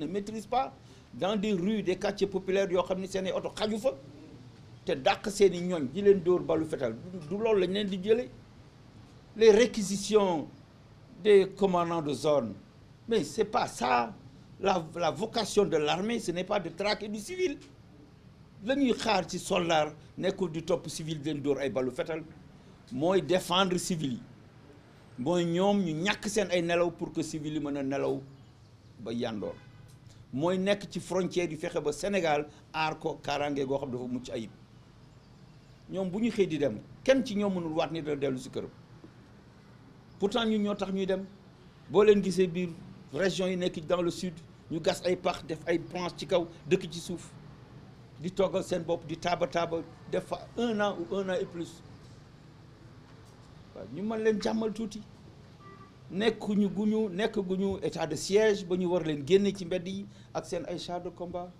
ne maîtrise pas dans des rues de quartiers populaires yoo xam ne seen oto xaju fa te dàq seeni i ñooñ di leen dóor balu fetal du loolu lañ leen di jëlee les réquisitions des commandants de zone mais c'est pas ça la la vocation de l'armée ce n'est pas de traquer du civil lañuy xaar ci soldat nekkul di topp civil di dóor ay balu fetal mooy défendre civil yi mooy ñoom ñu ñàkk seen ay nelaw pour que civil yi mën a nelaw ba yandoor mooy nekk ci frontière yu fexe ba Sénégal aar ko kaaraange goo xam dafa mucc ayib ñoom bu ñu xëy di dem kenn ci ñoom mënul waat ni dana dellu si këram pourtant ñun ñoo tax ñuy dem boo leen gisee biir région yi nekk dans le sud ñu gas ay pax def ay branche ci kaw dëkk ci suuf di toggal seen bopp di taaba taaba def fa un an ou un an et plus waaw ñu mën leen jàmmal tuuti. nekkuñu guñu nekk guñu état de siège ba ñu war leen génne ci mbedd yi ak seen ay chars de combat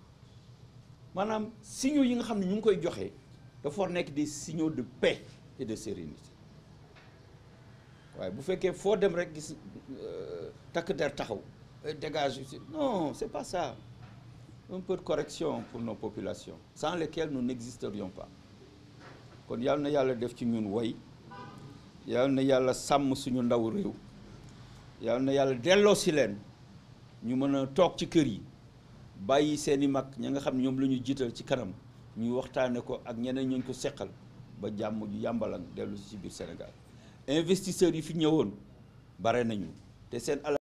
maanaam signaux yi nga xam ne ñu ngi koy joxee dafa war nekk des signaux de paix et de sérénité waaye bu fekkee foo dem rek gis euh, takk der taxaw euh, dégage non c'est pas ça un peu de correction pour nos populations sans lesquelles nous n'existerions pas kon yàlla na yàlla def ci ñun woy yàlla na yàlla sàmm suñu ndaw réew yal na yàlla delloo si leen ñu mën a toog ci kër yi bàyyi seen i mag ña nga xam ne ñoom la ñu jiital ci kanam ñu waxtaane ko ak ñeneen ñooñ ko seqal ba jàmm ju yàmbalan dellu si biir Sénégal investisseurs yi fi ñëwoon bare nañu te seen alal